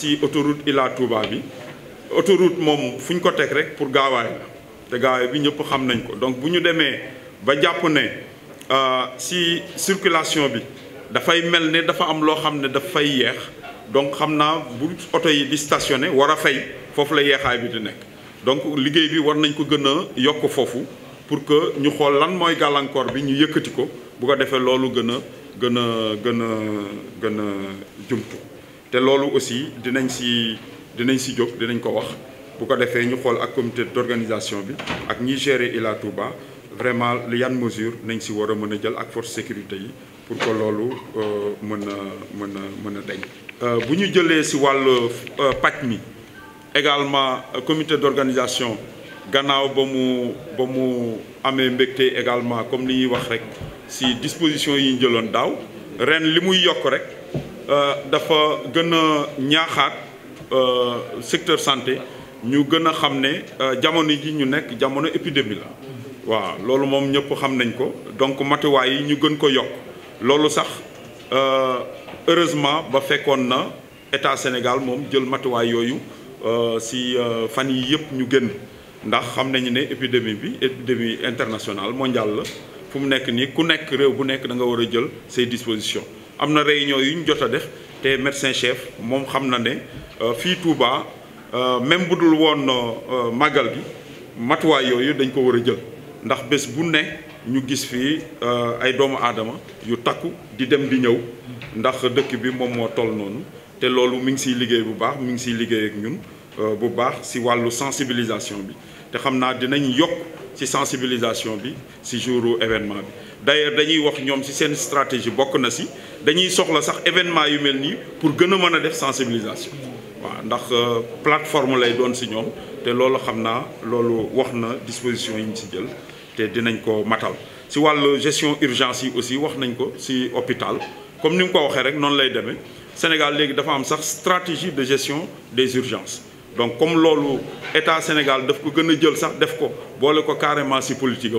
si autoroute Ila Touba bi autoroute moom fu ñu ko teg rek pour gaawaay la te gaawaay bi ñëpp xam nañ ko donc bu ñu demee ba jàpp ne euh, si circulation bi dafay mel ne dafa am loo xam ne dafay yeex donc xam naa bu oto yi di stationné war a fay foofu la yeexaay bi di nekk donc liggéey bi war nañ ko gën a yokk foofu pour que ñu xool lan mooy gàllankoor bi ñu yëkkati ko bu ko defee loolu gën a gën a gën a gën a jumtu te loolu aussi dinañ si dinañ si jóg dinañ ko wax bu ko defee ñu xool ak comité d'organisation bi ak ñiy gérer Ila Touba vraiment li yan mesure nañ si war a mën a jël ak force sécurité yi pour ko loolu euh, mën a mën a mën a deñ euh, bu ñu jëlee si wàll euh, paj mi également comité d'organisation gannaaw ba mu ba mu amee mbégte également comme li ñuy wax rek si disposition yi ñu jëloon daaw ren li muy yokk rek Euh, dafa gën a ñaaxaat euh, secteur santé ñu gën a xam ne euh, jamono ji ñu nekk jamono épidémie la waaw loolu moom ñëpp xam nañ ko donc matuwaay yi ñu gën ko yokk loolu sax heureusement ba fekkoon na état Sénégal moom jël matuwaay yooyu si fan yi yëpp ñu génn ndax xam nañu ne épidémie bi épidémie internationale mondiale la fu mu nekk nii ku nekk réew bu nekk da nga war a jël say dispositions. am na réunion yu ñu jot a def te médecin chef moom xam na ne euh, fii Touba euh, même bu dul woon euh, màggal gi matuwaay yooyu dañ ko war a jël ndax bés bu ne ñu gis fii ay doomu aadama yu takku di dem di ñëw ndax dëkk bi moom moo toll noonu te loolu mu ngi siy liggéey bu baax mi ngi siy liggéey ak ñun bu baax si wàllu sensibilisation bi te xam naa dinañ yokk. ci sensibilisation bi si jouru événement bi d'ailleurs dañuy wax ñoom si seen stratégie bokk na si dañuy soxla sax événement yu mel nii pour gën a mën a def sensibilisation waaw ndax euh, plateforme lay doon si ñoom te loolu xam naa loolu wax na disposition yi ñu si jël te dinañ ko matal si wàll gestion urgence yi aussi wax nañ ko si hôpital comme ni mu ko waxee rek noonu lay demee Sénégal léegi dafa am sax stratégie de gestion des urgences donc comme loolu état Sénégal daf ko gën a jël sax def ko boole ko carrément ci politique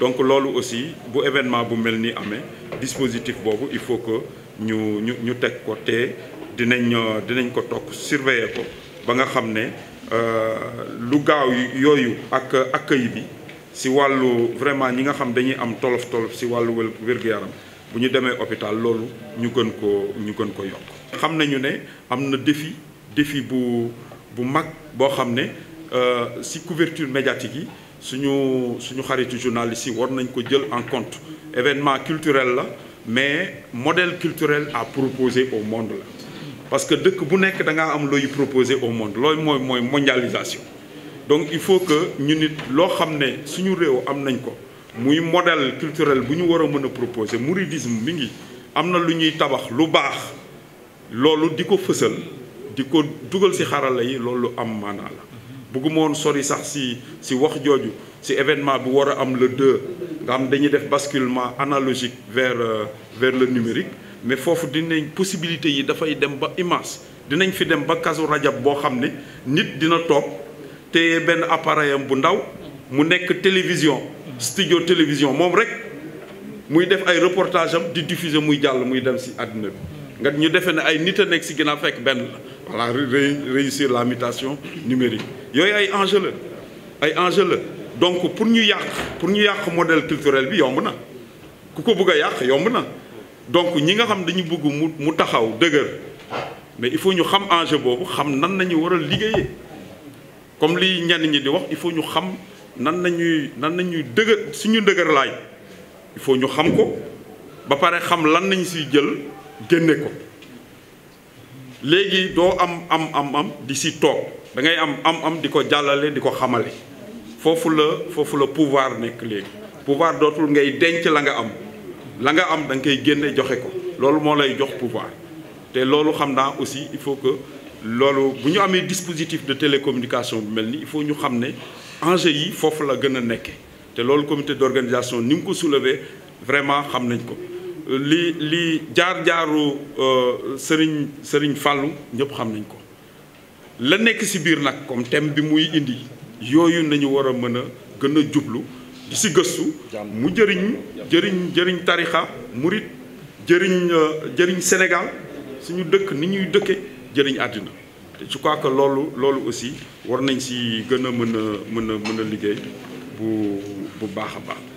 donc loolu aussi bu événement bu mel ni amee dispositif boobu il faut que ñu ñu ñu teg ko te dinañ dinañ ko toog surveiller ko ba nga xam ne euh, lu gaaw yooyu ak ak accueil bi ci wàllu vraiment ñi nga xam dañuy am tolof tolof ci wàllu wér-gu-yaram bu ñu demee hôpital loolu ñu gën ko ñu gën ko yokk. xam nañu ne am na défi défi bu. bu mag boo xam ne euh, si couverture médiatique yi suñu suñu xaritu journaliste yi war nañ ko jël en compte événement culturel la mais modèle culturel à proposer au monde la parce que dëkk bu nekk da ngaa am looy proposer au monde loolu mooy mooy mondialisation donc il faut que ñu nit loo xam ne suñu réew am nañ ko muy modèle culturel bu ñu war a mën a proposer mouridisme mi ngi am na lu ñuy tabax lu baax loolu di ko fësal di ko dugal si xarala yi loolu lu am maanaa la bëgguma sori sax si si wax jooju si événement bu war a am le deux nga xam dañuy def basculement analogique ver euh, vers le numérique mais foofu dinañ possibilité yi dafay dem ba immense dinañ fi dem ba kasu rajab boo xam ne nit dina toog te benn appareil am bu ndaw mu nekk télévision studio télévision moom rek muy def ay reportage di diffuser muy jàll muy dem si àddina bi nga ñu defee ne ay nit a nekk si a fekk benn la voilà réussir la mutation numérique yooyu ay enjeu ay enjeu la donc pour ñu yàq pour ñu yàq modèle culturel bi yomb na ku ko bëgg a yàq yomb na donc ñi nga xam dañu bëgg mu mu taxaw dëgër mais il faut ñu xam enjeu boobu xam nan nañu war a liggéeyee comme li ñan ñi di wax il faut ñu xam nan nañuy nan nañuy dëgër suñu dëgër laay il faut ñu xam ko ba pare xam lan nañ si jël génne ko léegi doo am am am am di si toog da ngay am am am di ko jàllale di ko xamale foofu la foofu la pouvoir nekk léegi pouvoir dootul ngay denc la nga am la nga am da koy génne joxe ko loolu moo lay jox pouvoir te loolu xam naa aussi il faut que loolu bu ñu amee dispositif de télécommunication bu mel ni il faut ñu xam ne enjeu yi foofu la gën a nekke te loolu comité d'organisation ni mu ko soulever vraiment xam nañ ko li li jaar-jaaru euh, Serigne sëriñ Fallou ñëpp xam nañ ko la nekk ci biir nag comme thème bi muy indi yooyu nañu war a mën a gën a jublu di ci gëstu mu jëriñ jëriñ jëriñ tarixa murit jëriñ euh, jëriñ Sénégal suñu dëkk ni ñuy dëkke jëriñ àddina te je crois que loolu loolu aussi war nañ ci gën a mën a mën a mën a liggéey bu bu baax a baax